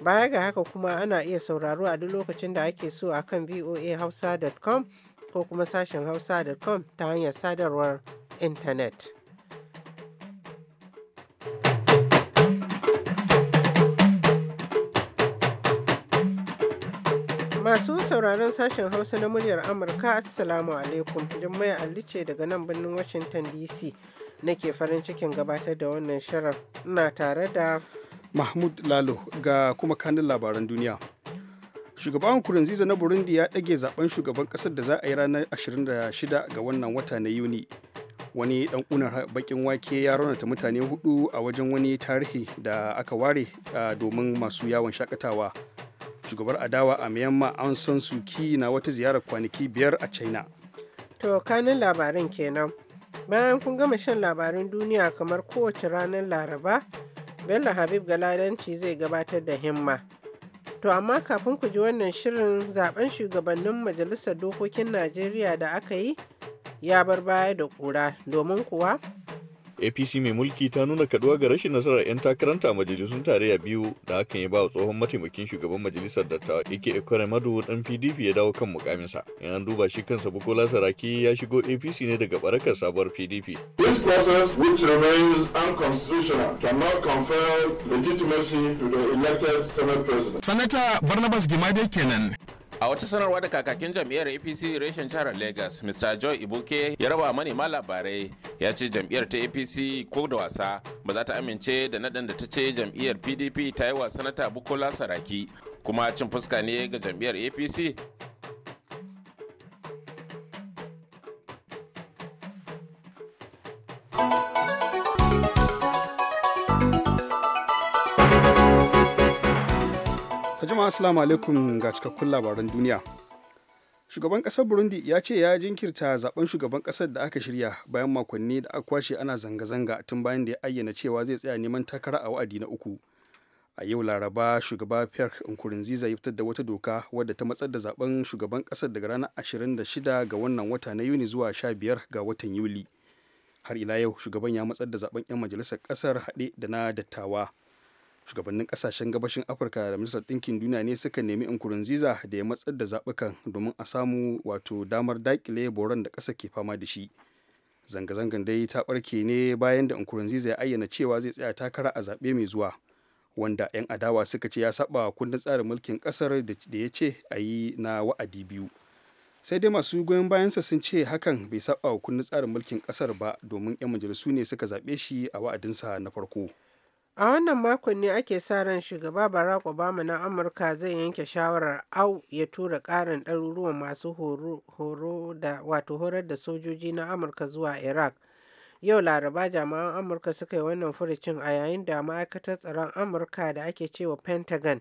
Baya ga haka kuma ana iya sauraro a duk lokacin da ake so a kan voahausa.com ko kuma sashen hausa.com ta hanyar sadarwar intanet. Masu sauraron sashen Hausa na muryar Amurka, Assalamu alaikum. Jummai Ali ce daga nan birnin Washington DC nake farin cikin gabatar da wannan shirin. Ina tare da mahmud lalo ga kuma kanin labaran duniya shugaban kurunziza na burundi ya ɗage zaben shugaban ƙasar da za a yi ranar 26 ga wannan wata na yuni wani dan kunar bakin wake ya raunata mutane hudu a wajen wani tarihi da aka ware domin masu yawon shakatawa shugabar adawa a myanmar an san suki na wata ziyarar kwanaki biyar a china to kanin labarin kenan bayan kun gama shan labarin duniya kamar kowace ranar laraba Bello Habib Galadanci zai gabatar da himma. To amma kafin ku ji wannan shirin zaben shugabannin Majalisar Dokokin Najeriya da aka yi ya bar baya da ƙura domin kuwa apc mai mulki ta nuna kaduwa ga rashin nasarar 'yan takaranta majalisun tarayya biyu da hakan ya ba wa tsohon mataimakin shugaban majalisar dattawa ike ekwere madu dan pdp ya dawo kan mukaminsa in an duba shi kansa bukola saraki ya shigo apc ne daga barakar sabuwar pdp this process which remains unconstitutional cannot confer legitimacy to the elected sanata barnabas gimade kenan a wata sanarwa da kakakin jam'iyyar apc reshen jihar lagos mr joy ibuke ya raba manema labarai ya ce jam'iyyar ta apc ko da wasa ba za ta amince da naɗin da ta ce jam'iyyar pdp ta yi wa sanata bukola saraki kuma cin fuska ne ga jam'iyyar apc jama'a assalamu alaikum ga cikakkun labaran duniya shugaban kasar burundi ya ce ya jinkirta zaben shugaban kasar da aka shirya bayan makonni da aka kwashe ana zanga-zanga tun bayan da ya ayyana cewa zai tsaya neman takara a wa'adi na uku a yau laraba shugaba pierre nkurunziza ya fitar da wata doka wadda ta matsar da zaben shugaban kasar daga ranar 26 ga wannan wata na yuni zuwa 15 ga watan yuli har ila yau shugaban ya matsar da zaben 'yan majalisar kasar haɗe da na dattawa shugabannin kasashen gabashin afirka da ministan ɗinkin duniya ne suka nemi nkurunziza da ya matsar da zaɓukan domin a samu wato damar daƙile boron da ƙasa ke fama da shi zanga-zangan dai ta ɓarke ne bayan da nkurunziza ya ayyana cewa zai tsaya takara a zaɓe mai zuwa wanda 'yan adawa suka ce ya saba kundin tsarin mulkin ƙasar da ya ce a yi na wa'adi biyu sai dai masu goyon bayansa sun ce hakan bai saba kundin tsarin mulkin ƙasar ba domin 'yan majalisu ne suka zaɓe shi a wa'adinsa na farko A wannan makon ne ake sa ran Shugaba Barack Obama na Amurka zai yanke shawarar au ya tura karin ɗaruruwan masu horo wato horar da sojoji na Amurka zuwa Iraq. Yau Laraba jama'an Amurka suka yi wannan furicin a yayin da ma'aikatar tsaron Amurka da ake cewa Pentagon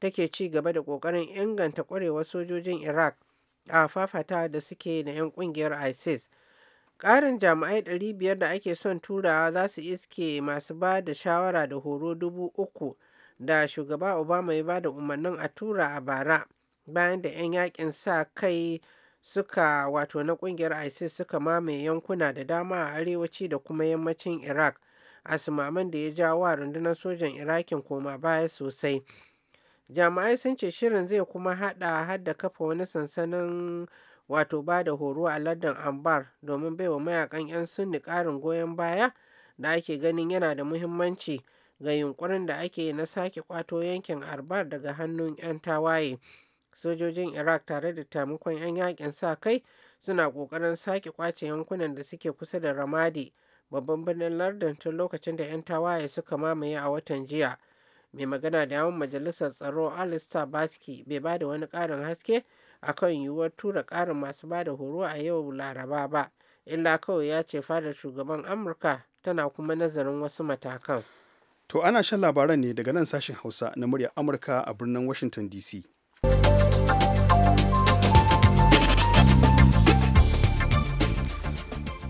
take ci gaba da kokarin inganta kwarewar sojojin Iraq a fafatawa da suke da 'yan kungiyar ISIS. Ƙarin jami'ai 500 da ake son turawa za su iske masu ba da shawara da horo dubu uku da shugaba Obama ya ba da umarnin a tura a bara bayan da 'yan yakin sa kai suka wato na ƙungiyar ISIS suka mamaye yankuna da dama a arewaci da kuma yammacin Iraq a sumaman da ya jawo wa rundunar sojan Irakin koma baya sosai. Jami'ai sun ce shirin zai kuma hada kafa wani sansanin wato ba da horo a lardin ambar domin baiwa mayakan 'yan sunni ƙarin goyon baya da ake ganin yana da muhimmanci ga yunkurin da ake na sake kwato yankin arbar daga hannun 'yan tawaye sojojin iraq tare da taimakon 'yan yakin sa kai suna ƙoƙarin sake kwace yankunan da suke kusa da ramadi babban birnin lardin tun lokacin da 'yan tawaye suka mamaye a watan jiya mai magana da yawan majalisar tsaro alista baski bai ba da wani ƙarin haske akan yiwuwar tura ƙarin masu ba da horo a yau laraba ba illa kawai ya ce fadar shugaban amurka tana kuma nazarin wasu matakan to ana shan labaran ne daga nan sashen hausa na murya amurka a birnin washington dc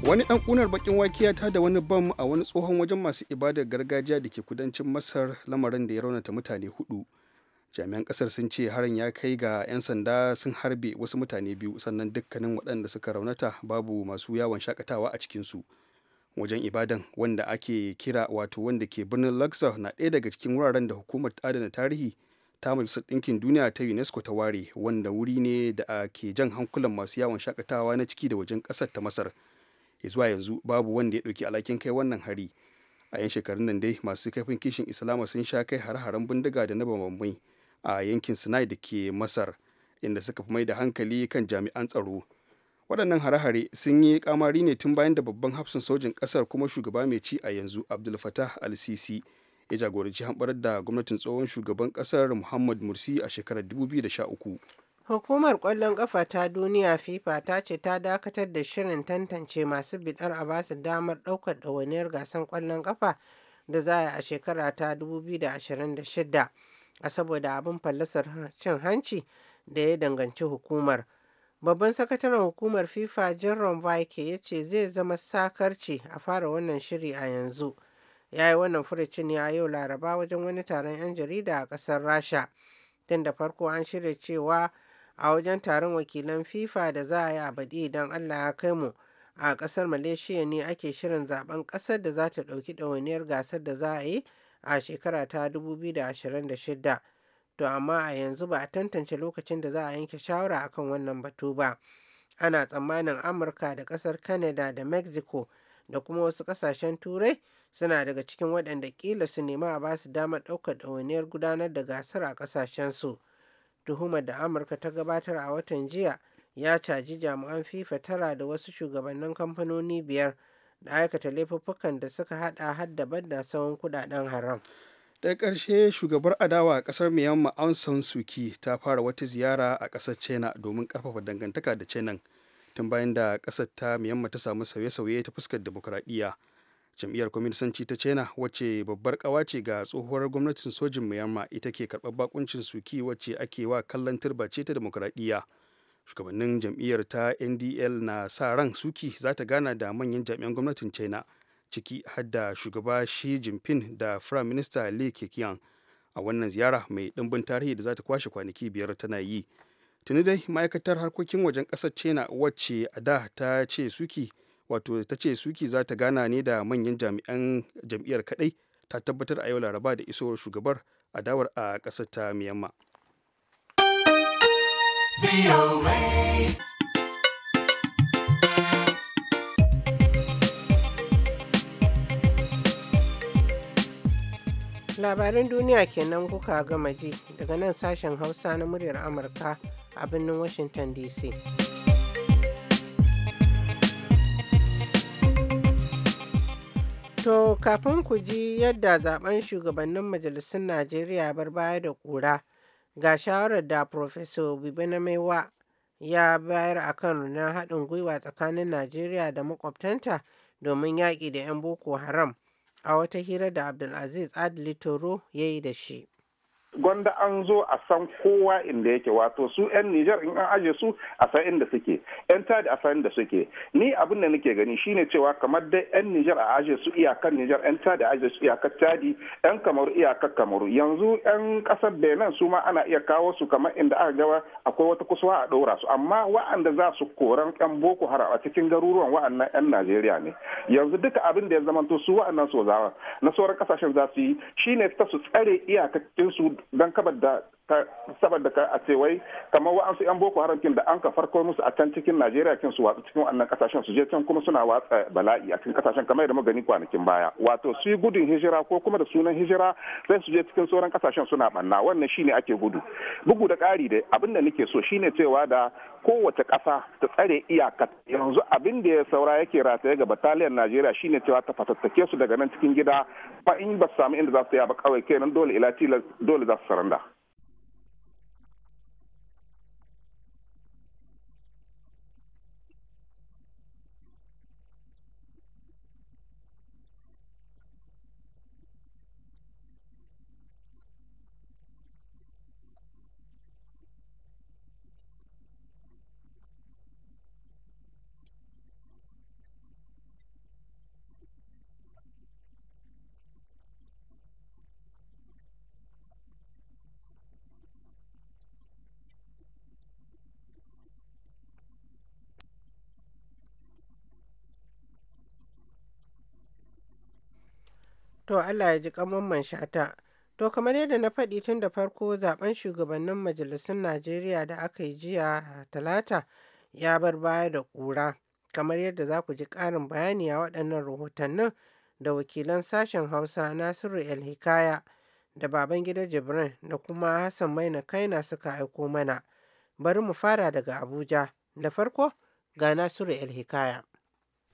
wani dan kunar bakin wakiya ta da wani bam a wani tsohon wajen masu ibadar gargajiya da ke kudancin masar lamarin da ya raunata mutane hudu jami'an kasar sun ce harin ya kai ga 'yan sanda sun harbe wasu mutane biyu sannan dukkanin waɗanda suka raunata babu masu yawon shakatawa a cikinsu wajen ibadan wanda ake kira wato wanda ke birnin luxor na ɗaya daga cikin wuraren da hukumar adana tarihi ta majalisar ɗinkin duniya ta unesco ta ware wanda wuri ne da ke jan hankulan masu yawon shakatawa na ciki da wajen ƙasar ta masar ya zuwa yanzu babu wanda ya ɗauki alhakin kai wannan hari a 'yan shekarun nan dai masu kaifin kishin islama sun sha kai har-haren bindiga da na bambamai a yankin sinai da ke masar inda suka fi mai da hankali kan jami'an tsaro waɗannan hare-hare sun yi kamari ne tun bayan da babban hafsin sojin ƙasar kuma shugaba mai ci a yanzu abdul fatah al-sisi ya jagoranci hamɓarar da gwamnatin tsohon shugaban ƙasar muhammad mursi a shekarar 2013 hukumar ƙwallon ƙafa ta duniya fifa ta ce ta dakatar da shirin tantance masu bidar a basu damar ɗaukar ɗawainiyar gasar ƙwallon ƙafa da za a shekara ta 2026 a saboda abin fallasar cin hanci da ya danganci hukumar babban sakataren hukumar fifa jerome vaike ya ce zai zama sakarci a fara wannan shiri a yanzu ya yi wannan furucin ya yau laraba wajen wani taron 'yan jarida a ƙasar rasha tun da farko an shirya cewa a wajen taron wakilan fifa da za a yi a baɗi idan allah ya kai mu a ƙasar malaysia ne ake shirin zaben ƙasar da za ta ɗauki ɗawainiyar gasar da za a yi a shekara ta 2026 to amma a yanzu ba a tantance lokacin da za a yanke shawara akan wannan batu ba ana tsammanin amurka da kasar canada da mexico da kuma wasu kasashen turai suna daga cikin waɗanda ƙila su nema a basu damar ɗaukar ɗawainiyar gudanar da gasar a ƙasashensu tuhumar da amurka ta gabatar a watan jiya ya caji jami'an fifa tara da wasu shugabannin kamfanoni biyar da aikata laifuffukan da suka hada hadda da sauran kudaden haram da ƙarshe shugabar adawa a ƙasar myanmar aung san suu kyi ta fara wata ziyara a ƙasar china domin ƙarfafa dangantaka da china tun bayan da ƙasar ta myanmar ta samu sauye-sauye ta fuskar demokuraɗiyya jam'iyyar kwaminisanci ta china wacce babbar kawa ce ga tsohuwar gwamnatin sojin myanmar ita ke karɓar bakuncin suki wacce ake wa kallon turba ta demokuraɗiyya shugabannin jam'iyyar ta ndl na sa ran suki za ta gana da manyan jami'an gwamnatin china ciki har shugaba shi jinping da prime minister li keqiang a wannan ziyara mai ɗimbin tarihi da za ta kwashe kwanaki biyar tana yi tuni dai ma'aikatar harkokin wajen ƙasar china wacce a da ta ce suki wato ta ce suki za ta gana ne da manyan jami'an jam'iyyar kadai ta tabbatar a yau laraba da isowar shugabar adawar a ƙasar ta miyamma. Labaran duniya kenan kuka gama ji daga nan sashen Hausa na muryar Amurka a birnin Washington DC. To kafin ku ji yadda zaben shugabannin majalisun Najeriya bar baya da kura. ga shawarar da Professor Maiwa ya bayar a kan rundunar haɗin gwiwa tsakanin Najeriya da makwabtanta domin yaƙi da 'yan Boko Haram a wata hira da Abdulaziz Adli Toro ya yi da shi. gwanda an zo a san kowa inda yake wato su 'yan Nijar in an aje su a san inda suke 'yan tadi a san inda suke ni abin da nake gani shine cewa kamar dai 'yan Nijar a aje su iyakar Nijar 'yan tadi a aje su iyakar tadi 'yan kamaru iyakar kamaru yanzu 'yan kasar Benin su ma ana iya kawo su kamar inda aka gawa akwai wata kusuwa a ɗora su amma wa'anda za su koran 'yan Boko Haram a cikin garuruwan wa'annan 'yan Najeriya ne yanzu duka abin da ya zamanto su wa'annan sozawa na sauran kasashen za su yi shine ta su tsare iyakacin su don't cover that saboda ka a ce wai kamar wa'ansu 'yan boko haramkin da an ka farko musu a can cikin najeriya kin su watsa cikin wannan kasashen su je can kuma suna watsa bala'i a cikin kasashen kamar yadda magani gani kwanakin baya wato su gudun hijira ko kuma da sunan hijira sai su je cikin sauran kasashen suna banna wannan shine ake gudu bugu da ƙari da abin da nake so shine cewa da kowace ƙasa ta tsare iyaka yanzu abin da ya saura yake rataye ga bataliyan najeriya shine cewa ta fatattake su daga nan cikin gida fa in ba su samu inda za su yi ba kawai kenan dole ila dole za su saranda To Allah ya ji Mamman shata. To kamar yadda na faɗi tun da farko zaben shugabannin majalisun Najeriya da aka yi jiya talata ya bar baya da ƙura. Kamar yadda za ku ji ƙarin bayani a waɗannan rahotannin da wakilan sashen Hausa Nasiru El Hikaya da baban gida Jibrin da kuma Hassan Maina Kaina suka aiko mana. Bari mu fara daga Abuja. Da farko ga Nasiru El Hikaya.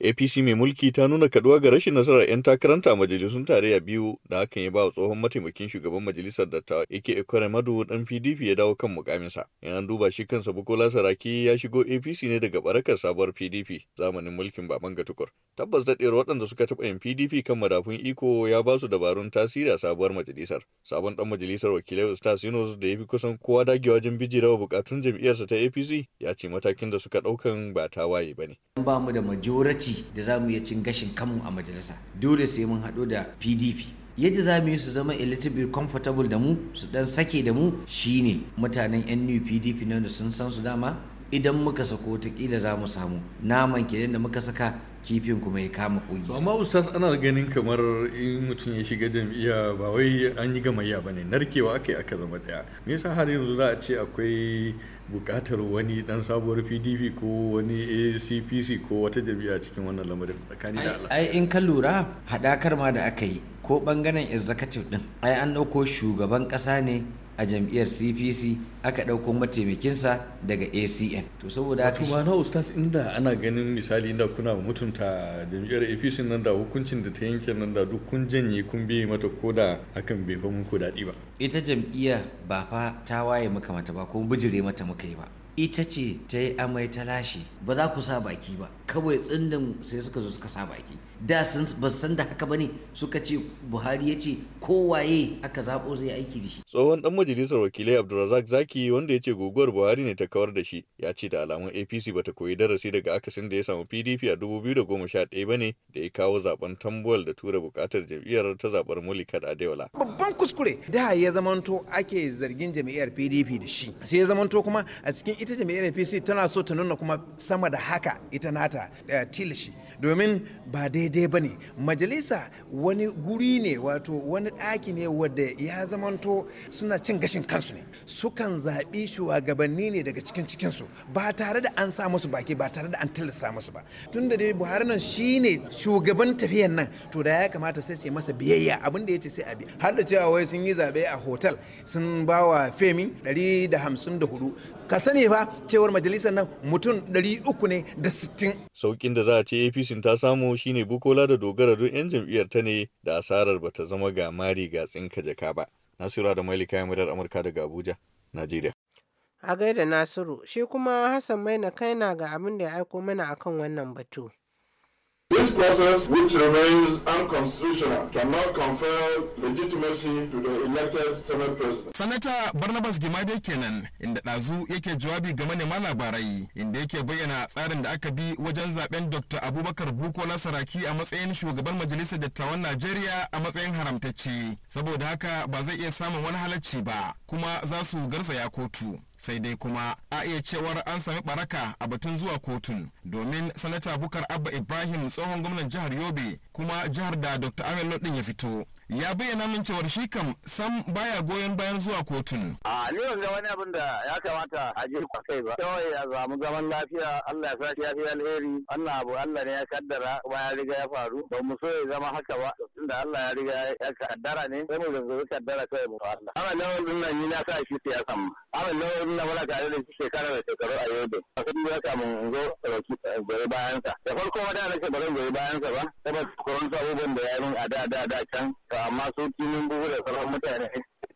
APC mai mulki ta nuna kaduwa ga rashin nasarar 'yan takaranta a majalisun tarayya biyu da hakan ya ba wa tsohon mataimakin shugaban majalisar dattawa yake ikware madu dan PDP ya dawo kan mukaminsa. Yana duba shi kansa Bukola Saraki ya shigo APC ne daga barakar sabuwar PDP zamanin mulkin baban tukur Tabbas daɗewar waɗanda suka taɓa yin PDP kan madafun iko ya ba su dabarun tasiri a sabuwar majalisar. Sabon ɗan majalisar wakilai Ustaz Yunus da ya fi kusan kowa dagewa wajen bijirewa bukatun jam'iyyarsa ta APC ya ce matakin da suka ɗaukan ba ta waye ba ne. Ba mu da majoraci ci da za mu iya cin gashin kanmu a majalisa dole sai mun haɗo da pdp yadda za mu yi su zama a little bit comfortable da mu su dan sake da mu shine mutanen yan new pdp na sun san su dama idan muka sako watakila za mu samu naman kenan da muka saka kifin kuma ya kama ba ma ustaz ana ganin kamar in mutum ya shiga jam'iyya ba wai an yi gamayya ba ne narkewa aka yi aka zama daya me yasa har yanzu za a ce akwai bukatar wani dan sabuwar pdp ko wani acpc ko wata jam'iyya cikin wannan lamarin tsakani da allah ai in ka lura hadakar ma da aka yi ko bangaren executive din ai an dauko shugaban ƙasa ne a jam'iyyar cpc aka ɗauko mataimakinsa daga acn to saboda haka kuma na ustaz inda ana ganin misali inda kuna mutunta jam'iyyar apc nan da hukuncin da ta yanke nan da duk kun janye kun biye mata ko da hakan bai fa muku daɗi ba ita jam'iyyar ba fa ta waye maka mata ba ko bijire mata muka yi ba ita ce ta yi amai ta lashe ba za ku sa baki ba kawai tsindin sai suka zo suka sa baki da sun san da haka bane suka ce buhari ya ce kowaye aka zabo zai aiki da shi tsohon dan majalisar wakilai abdulrazak zaki wanda ya ce guguwar buhari ne ta kawar da shi ya ce da alamun apc bata koyi darasi daga akasin da ya samu pdp a 2011 bane da ya kawo zaben tambuwal da tura bukatar jam'iyyar ta zabar mulika da adewala. babban kuskure da ya zamanto ake zargin jam'iyyar pdp da shi sai ya zamanto kuma a cikin ita jam'iyyar apc tana so ta nuna kuma sama da haka ita nata majalisa tilishi domin ba daidai ba ne majalisa wani guri ne wato wani ɗaki ne wadda ya zamanto suna cin gashin kansu ne sukan zaɓi shugabanni ne daga cikin cikinsu ba tare da an sa musu baki ba tare da an tilasta musu ba tun da dai buhari nan shi ne shugaban tafiyan nan to da ya kamata sai sai masa biyayya abin da ya ce sai a bi har da cewa wai sun yi zaɓe a hotel sun bawa wa femi 154 ka sani fa cewar majalisar nan mutum 300 ne da 60 saukin da za a ce APC ta samu shine Bukola da dogara don yan jam'iyyar ta ne da asarar bata zama ga mari ga tsinka jaka ba Nasiru da Malika murar Amurka daga Abuja Najeriya a gaida Nasiru shi kuma Hassan Maina kaina ga abin da ya aiko mana akan wannan batu This process, which remains unconstitutional, cannot confer legitimacy to the elected Senate President. Senator Barnabas Gimade kenan inda ɗazu yake jawabi ga manema labarai inda yake bayyana tsarin da aka bi wajen zaben Dr. Abubakar Buko Saraki a matsayin shugaban Majalisar Dattawan Najeriya a matsayin haramtacce. Saboda haka ba zai iya samun wani halacci ba kuma za su garzaya kotu. Sai dai kuma a iya cewar an sami baraka a batun zuwa kotun domin Sanata Bukar Abba Ibrahim tsohon gwamnan jihar yobe kuma jihar da dr amelot lodin ya fito ya bayyana min cewar shi kam sam baya goyon bayan zuwa kotun. A ni ban ga wani abin da ya kamata a je kwa kai ba. Kawai a samu zaman lafiya Allah ya sa alheri. Allah abu Allah ne ya kaddara kuma ya riga ya faru. Ba mu so ya zama haka ba. Tunda Allah ya riga ya kaddara ne sai mu zanzu kaddara kawai mu Allah. Amma lawal din nan ni na sa shi siyasan. Amma lawal din nan wala tare da shi shekara da shekaru a yau da. Kun ya kamun in zo eh, goyi bayansa. Da farko ma da nake ba zan goyi bayansa ba. Saboda kuran abubuwan da ya yi min a da da da amma su kinin buhu da sauran mutane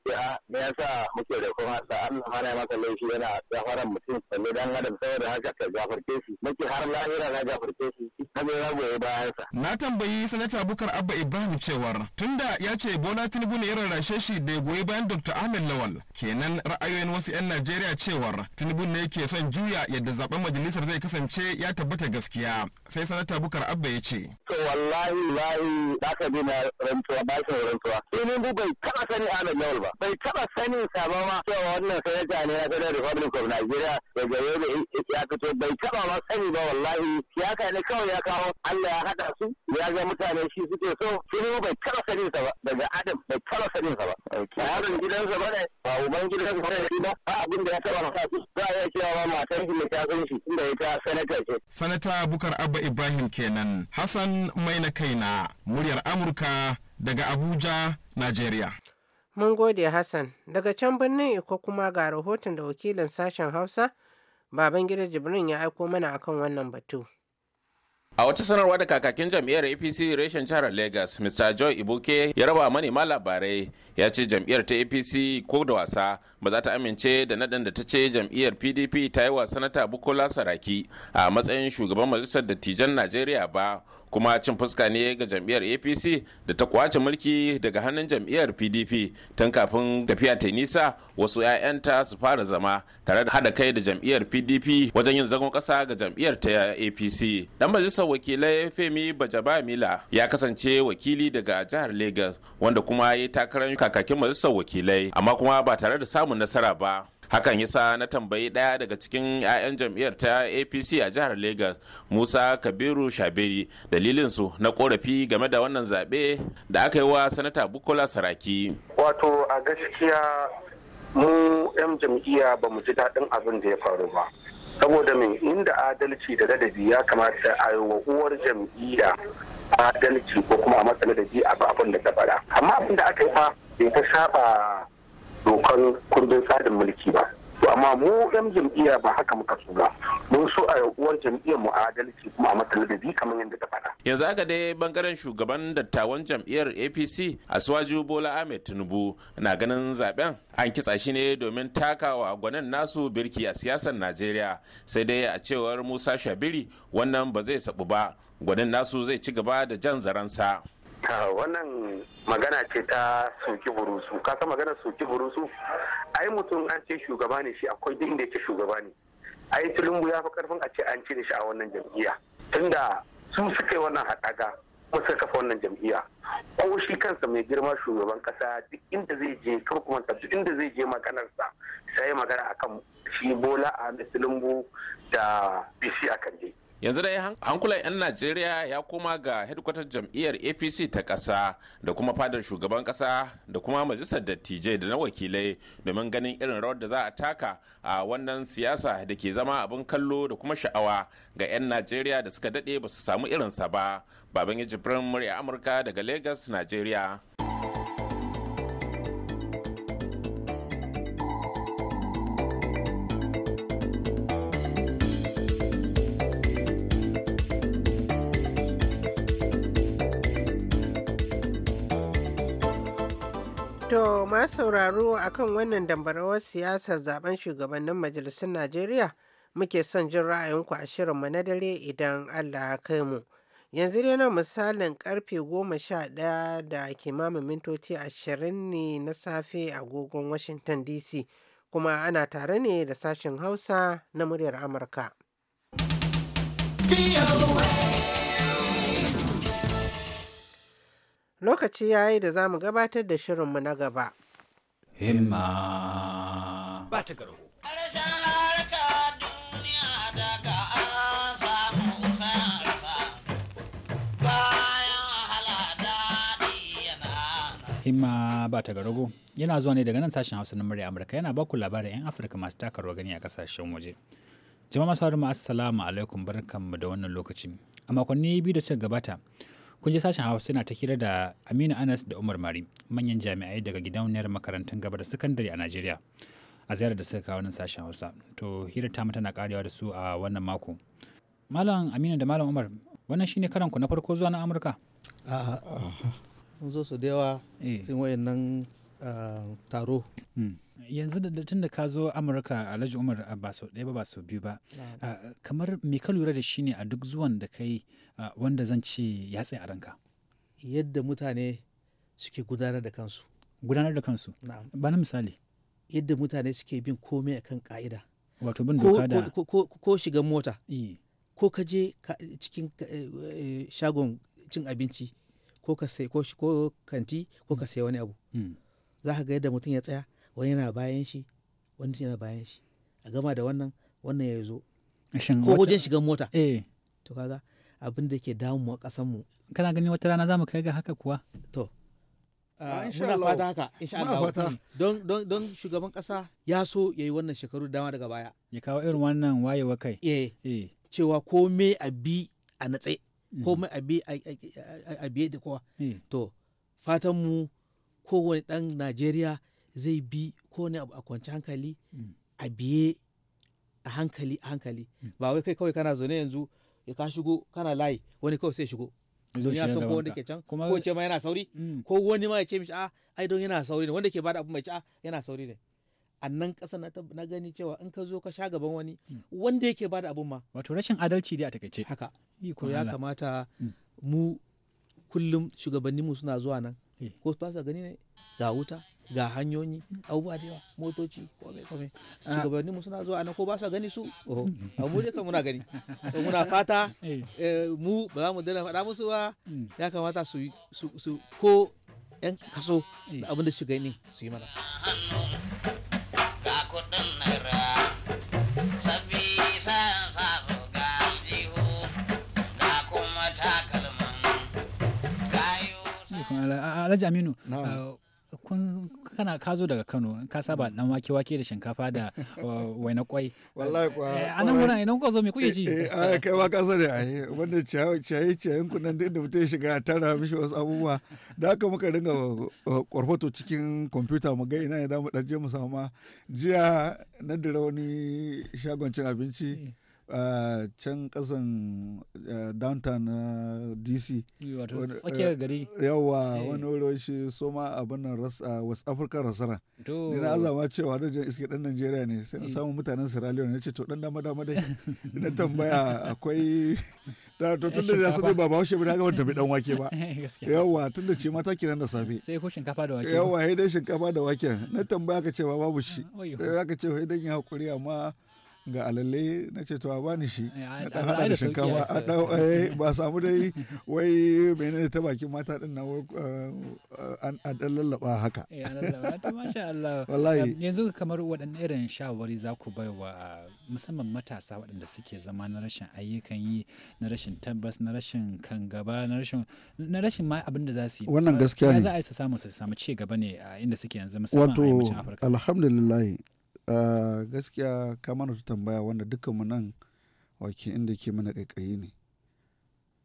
ce a me yasa muke da kuma da Allah mana maka laifi yana gafaran mutum sannan dan adam saboda haka ka gafarce shi muke har lahira na gafarce shi ka ya na bayan sa na tambayi sanata Bukar Abba Ibrahim cewar tunda ya ce Bola Tinubu ne ya rarrashe shi da goyi bayan Dr. Ahmed Lawal kenan ra'ayoyin wasu 'yan Najeriya cewar Tinubu ne yake son juya yadda zaben majalisar zai kasance ya tabbata gaskiya sai sanata Bukar Abba ya ce to wallahi lahi da ka bi na rantsuwa ba shi rantsuwa Tinubu bai taba sani Ahmed Lawal ba bai taba sanin sa ba ma cewa wannan sanata ne na federal republic of nigeria da gare da ya fito bai taba ma sani ba wallahi siyasa ne kawai ya kawo allah ya hada su ya ga mutane shi suke so shi bai taba sanin sa ba daga adam bai taba sanin sa ba ba yaron gidansa ba ne ba uban gidansa ba ne ba ba abin da ya taba masa su za a iya cewa ma matar shi ta san shi inda ita sanata ce. sanata bukar abba ibrahim kenan hassan mai na kaina muryar amurka daga abuja nigeria. Mun gode Hassan. Daga can birnin Iko kuma ga rahoton da wakilin sashen Hausa, baban gida Jibrin ya aiko mana akan wannan batu. A wata sanarwa da kakakin jam'iyyar APC reshen jihar Lagos, Mr. Joy Ibuke ya raba manema labarai ya ce jam'iyyar ta APC ko da wasa ba za ta amince da naɗin da ta ce jam'iyyar PDP ta yi wa sanata Bukola Saraki a matsayin shugaban majalisar dattijan Najeriya ba kuma cin fuska ne ga jam'iyyar apc da ta kwace mulki daga hannun jam'iyyar pdp tun kafin tafiya ta nisa wasu 'ya'yanta su fara zama tare da hada kai da jam'iyyar pdp wajen yin zagon ƙasa ga jam'iyyar ta apc dan majalisar wakilai femi bajabamila ya kasance wakili daga jihar Legas, wanda kuma ya yi takarar kakakin majalisar wakilai amma kuma ba tare da samun nasara ba hakan yasa na tambayi ɗaya daga cikin 'ya'yan jam'iyyar ta apc a jihar lagos musa kabiru shaberi dalilin su na korafi game da wannan zaɓe da aka yi wa sanata bukola saraki wato a gaskiya mu 'yan jam'iyya ba mu ji daɗin abin da ya faru ba saboda mai inda adalci da ladabi ya kamata a yi wa uwar jam'iyya adalci ko kuma a matsala da ji abin da ta faɗa amma abin da aka yi fa bai ta saba dokan kundin tsarin mulki ba to amma mu yan jam'iyya ba haka muka so ba mun so a uwar jam'iyyar mu adalci kuma a matsalar da bi kamar yadda ta faɗa yanzu haka dai bangaren shugaban dattawan jam'iyyar apc aswaju bola ahmed tinubu na ganin zaben an kitsa shi ne domin takawa gwanin nasu birki a siyasar najeriya sai dai a cewar musa shabiri wannan ba zai sabu ba gwanin nasu zai ci gaba da jan zaransa Ah, wannan magana ce ta soki burusu kasa magana soki burusu ai mutum an ce shugaba ne shi akwai duk inda yake shugaba ne ai tulumbu ya fi karfin a ce an cire shi a wannan jam'iyya tunda su suka yi wannan haɗaka kuma suka kafa wannan jam'iyya ko shi kansa mai girma shugaban kasa duk inda zai je kuma ta duk inda zai je maganarsa sai magana akan shi bola a tulumbu da bisi akan je yanzu dai hankulan 'yan najeriya ya koma ga hedkwatar jam'iyyar apc ta ƙasa da kuma fadar shugaban ƙasa da kuma majalisar dattijai da na wakilai domin ganin irin rawar da za a taka a wannan siyasa da ke zama abin kallo da kuma sha'awa ga 'yan najeriya da suka daɗe ba su samu irinsa ba baban ya jibrin murya amurka daga lagos najeriya Ma sauraro a kan wannan dambarawar siyasar zaben shugabannin majalisun Najeriya muke son jin ra'ayinku a shirin mu na dare idan Allah ya kai mu. Yanzu dai na misalin karfe goma sha ɗaya da kimamin mintoci ashirin ne na safe agogon Washington DC kuma ana tare ne da sashen Hausa na muryar Amurka. Lokaci ya yi da za mu gabatar da shirinmu na gaba. himma ba ta garo. Himma ba ta garago yana zuwa ne daga nan sashen Hausa na murya Amurka yana ba baku labarin 'yan Afirka masu takarwa gani a kasashen waje. Jama'a masu haruma assalamu alaikum barkanmu da wannan lokaci. A makonni biyu da suka gabata, kun ji sashen hausa yana ta hira da aminu anas da umar mari manyan jami'ai daga gidauniyar makarantun gaba da sakandare a najeriya a ziyarar da suka kawo nan sashen hausa to hira ta tana karewa da su a wannan mako malam aminu da malam umar wannan shine karan ku na farko zuwa na amurka a'a mun zo su da yawa eh. cikin wayannan taro hmm. yanzu da tun da ka zo amurka alhaji umar ah, ba sau ɗaya ba ba sau biyu ba ah, kamar me ka lura da shi ne a duk zuwan da kai ah, wanda zan ce ya tsaye a ranka yadda mutane suke gudanar da kansu gudanar da kansu ba na misali yadda mutane suke bin komai akan ka'ida wato bin doka da ko shiga mota eh. ko ka je cikin eh, eh, shagon cin abinci ko ka sai ko kanti ko ka hmm. sai wani abu hmm. za ka ga yadda mutum ya tsaya wani yana bayan shi wani yana bayan shi a gama da wannan wannan ya zo ko wajen shigan mota eh to kaga abin da ke damu a ƙasan mu kana gani wata rana zamu kai ga haka kuwa to ah, ah, muna fata haka insha Allah hmm. don don don shugaban ƙasa ya so yayi wannan shekaru dama daga baya ya kawo irin wannan wayewa kai eh eh cewa komai a bi a natse hmm. komai a bi a biye da kowa eh. to fatan mu kowane ɗan najeriya zai bi kowane abu a kwanci hankali mm. a biye a hankali a hankali mm. ba wai kai kawai kana zaune yanzu ya ka shigo kana layi wani kawai sai shigo don ya san ko wanda ke can ko ce ma yana sauri mm. ko wani ma ya ce mishi a ah, ai don yana sauri ne wanda ke bada abu mai ci a ah, yana sauri ne a nan ƙasa na gani cewa in ka zo ka sha gaban wani wanda yake bada abun ma wato rashin adalci dai a takaice haka ko ya kamata mu kullum shugabanninmu suna zuwa nan ko ba sa gani ne ga wuta ga hanyoyi abubuwa da yawa motoci kome kome ah. shugabanni mu suna zuwa anan ko ba sa gani su oho amma mu dai kan muna gani to muna fata eh. Eh, mu ba za mu dana faɗa musu ba mm. ya kamata su su ko yan kaso eh. abinda shugabanni su yi mana Alhaji Aminu. Uh, kun kana ka zo daga Kano ka saba dan mm. wake wake da shinkafa da uh, waina kwai wallahi kwa eh, anan muna idan kuka zo me kuke ci eh, eh kai wa ka sani ai wanda ciyayi ciyayin ku nan da mutum ya shiga tara mishi wasu abubuwa da haka muka dinga kwarfato uh, cikin kwamfuta mu ga ina ne da mu dan je mu samu ma jiya na dira wani shagon cin abinci eh. uh, can kasan uh, downtown na dc eh, tsakiyar gari yawa eh. wani wuri shi soma abin nan west africa rasara Ina na azama cewa da jan iske dan najeriya ne sai na eh. samu mutanen sierra leone ya ce to dan dama dama dai na tambaya akwai da to tun da sani ba ba shi ba ga tafi dan wake ba yawa tunda ce mata kiran da safe sai ko shinkafa da wake yawa sai dai shinkafa da wake na tambaya ka cewa babu shi sai ah, ka ce sai dan ya hakuri amma ga alalle na ce to a bani shi na ɗan hada da shinkafa a dan eh, ba samu dai wai menene ta bakin mata ɗin nan a dan eh, lallaba haka eh, wallahi yanzu kamar waɗanne irin shawari za ku bai wa musamman matasa waɗanda suke zama na rashin ayyukan yi na rashin tabbas na rashin kan gaba na rashin na rashin ma abin da za su yi wannan gaskiya ne za a yi su samu su samu ci gaba ne inda suke yanzu musamman a yammacin Afirka wato alhamdulillah Ah, gaskiya ka mana ta tambaya wanda dukkanmu nan wake inda ke mana kaikayi ne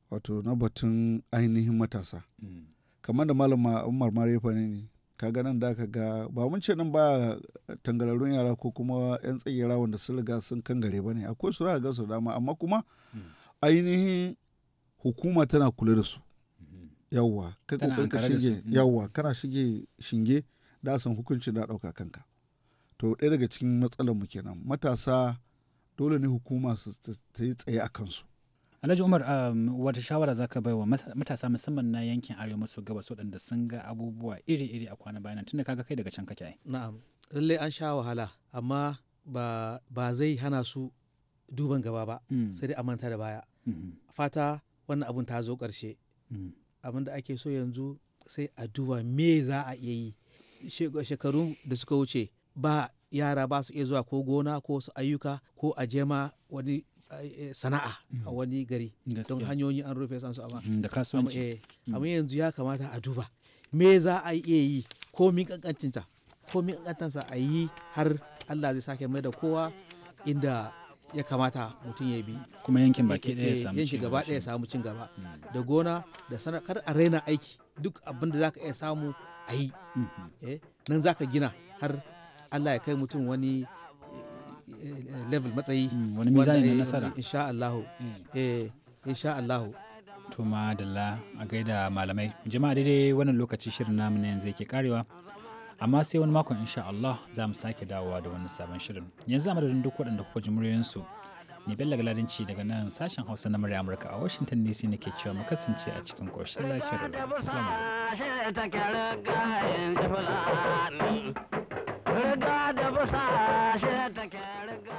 wato na batun ainihin matasa mm. kamar da malama umar marefa ne ne kaga nan da aka ga ba mun ce nan ba tangararrun yara ko kuma yan tsayira wanda sun riga sun gare ba ne akwai su ga su dama amma kuma mm. ainihin hukuma tana kula da su mm-hmm. yawwa mm. kana shige shinge da san hukunci da ɗauka kanka to ɗaya daga cikin matsalar mu kenan matasa dole ne hukuma su yi tsaye a kansu alhaji umar um, wata shawara zaka bai wa matasa musamman na yankin arewa maso gabas waɗanda sun ga abubuwa iri-iri a kwana bayan tunda kaga kai daga can kake ai na'am lallai an sha wahala amma ba zai hana su duban gaba ba mm. sai dai a manta da baya mm-hmm. fata wannan abun ta zo karshe mm. abin da ake so yanzu sai a duba me za a iya yi shekaru da suka wuce ba yara ba su iya zuwa ko gona ko su ayyuka ko a jema wani eh, sana'a a mm. wani gari don hanyoyi an rufe san su mm, da kasuwanci eh, mm. amma yanzu ya kamata a duba me za a iya yi ko min kankancinta ko min kankantansa a yi har Allah zai sake mai da kowa inda ya kamata mutum ya bi kuma yankin baki eh, ɗaya ya samu yankin gaba ɗaya ya samu cin gaba da gona da sana'a kar a raina aiki duk abin da zaka iya samu a yi mm-hmm. nan zaka gina har Allah ya kai mutum wani eh, level matsayi hmm, wani mizani na eh, nasara insha Allah hmm. eh insha Allah to madalla a gaida malamai jama'a daidai wannan lokaci shirin namu ne yanzu yake karewa amma sai wani makon insha Allah za mu sake dawowa da wannan sabon shirin yanzu a madadin duk waɗanda kuka ji su ni bella galadinci daga nan sashen hausa na murya amurka a washington dc nake cewa mu kasance a cikin koshin lafiya da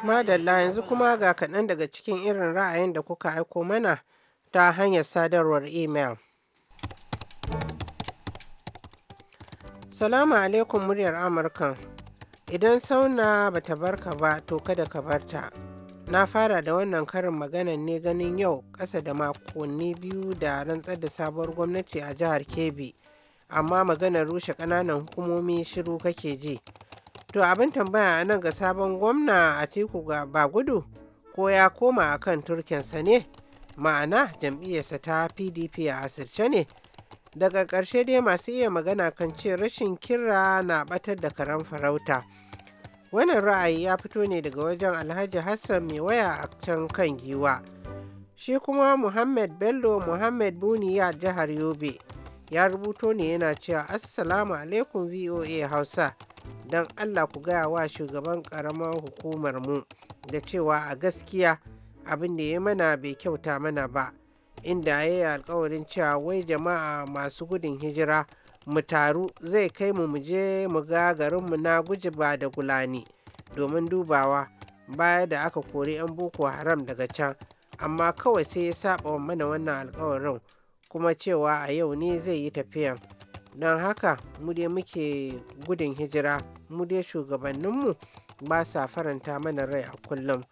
Madalla yanzu kuma ga kaɗan daga cikin irin ra'ayin da kuka aiko mana ta hanyar sadarwar email. Salamu alaikum muryar Amurka. Idan sauna bata ka ba to kada ka barta. Na fara da wannan karin maganan ne ganin yau ƙasa da makonni biyu da rantsar da sabuwar gwamnati a jihar Kebbi. Amma maganar rushe ƙananan hukumomi shiru kake ji. To abin tambaya nan ga sabon gwamna a tiku ba gudu ko ya koma a kan turkensa ne ma'ana jam'iyyarsa ta PDP a asirce ne. Daga ƙarshe dai masu iya magana kan ce rashin kira na batar da karen farauta. Wannan ra'ayi ya fito ne daga wajen Alhaji Hassan mai waya a can kan giwa. Shi kuma Muhammad Bello Muhammad Buniya jihar Yobe ya rubuto ne yana cewa Assalamu alaikum VOA Hausa. don allah ku gaya wa shugaban karamar hukumar mu da cewa a gaskiya abin da ya mana bai kyauta mana ba inda ya yi alkawarin cewa wai jama'a masu gudun hijira mu taru zai kai mu je mu ga garinmu na guji ba da gulani domin dubawa baya da aka kori 'yan boko haram daga can amma kawai sai ya saba mana wannan alkawarin kuma cewa a yau ne zai yi tafiyan don haka mu dai muke gudun hijira mu dai shugabanninmu ba sa faranta mana rai a kullum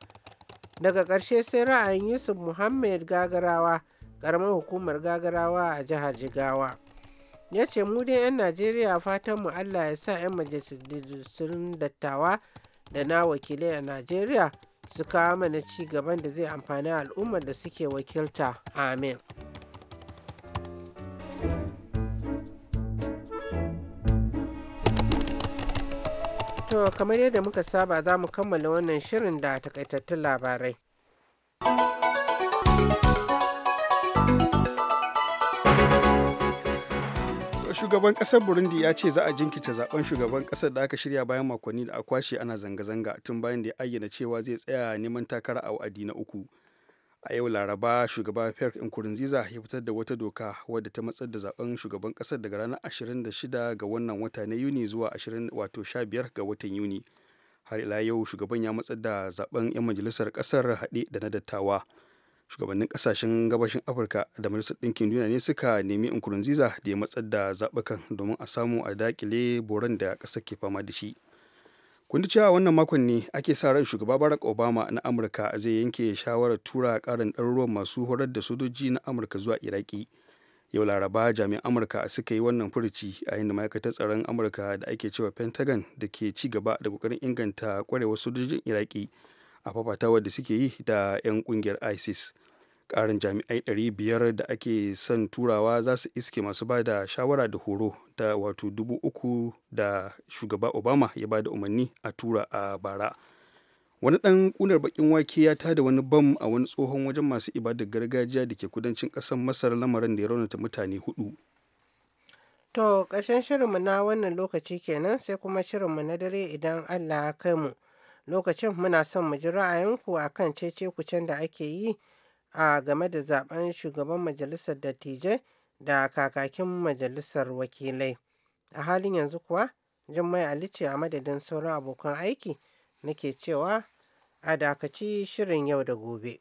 daga ƙarshe sai ra'ayin yusuf muhammad gagarawa ƙaramar hukumar gagarawa a jihar jigawa ya ce mu dai 'yan najeriya fatan mu allah ya sa 'yan majalisun dattawa da na wakilai a najeriya su kawo mana ci gaban da zai amfani al'ummar da suke wakilta amin To kamar yadda muka saba za mu kammala wannan shirin da takaitattun labarai. shugaban kasar burundi ya ce za a jinkita zaben shugaban kasar da aka shirya bayan makonni da a kwashe ana zanga-zanga tun bayan da ya ayyana cewa zai tsaya neman takara a wa'adi na uku a yau laraba shugaba pierre nkurunziza ya fitar da wata doka wadda ta matsar da zaben shugaban kasar daga ranar 26 ga wannan wata na yuni zuwa 15 ga watan yuni har ila yau shugaban ya matsar da zaben 'yan majalisar kasar haɗe da na dattawa shugabannin kasashen gabashin afirka da majalisar ɗinkin duniya ne suka nemi nkurunziza da ya matsar da zaɓukan domin a samu a dakile boran da ƙasar ke fama da shi kun cewa wannan makon ne ake sa ran shugaba barack obama na amurka zai yanke shawarar tura karin ɗaruruwan masu horar da sojoji na amurka zuwa iraki yau laraba jami'an amurka suka yi wannan furuci a da ma'aikatar tsaron amurka da ake cewa pentagon da ke ci gaba da kokarin inganta kwarewar sojojin iraki a fafatawar da suke yi da 'yan kungiyar isis karin jami'ai 500 da ake son turawa za su iske masu ba da shawara da horo da wato dubu uku da shugaba obama ya ba da umarni a tura a bara wani dan kunar bakin wake ya tada wani bam a wani tsohon wajen masu ibadar gargajiya da ke kudancin ƙasar masar lamarin da ya raunata mutane hudu to ƙarshen shirinmu na wannan lokaci kenan sai kuma shirinmu na dare idan allah ya kai mu lokacin muna son mu ji ra'ayinku akan cece kucen da ake yi a game da zaben shugaban majalisar dattijai da kakakin majalisar wakilai a halin yanzu kuwa jummai ali ce a madadin sauran abokan aiki nake cewa a dakaci shirin yau da gobe.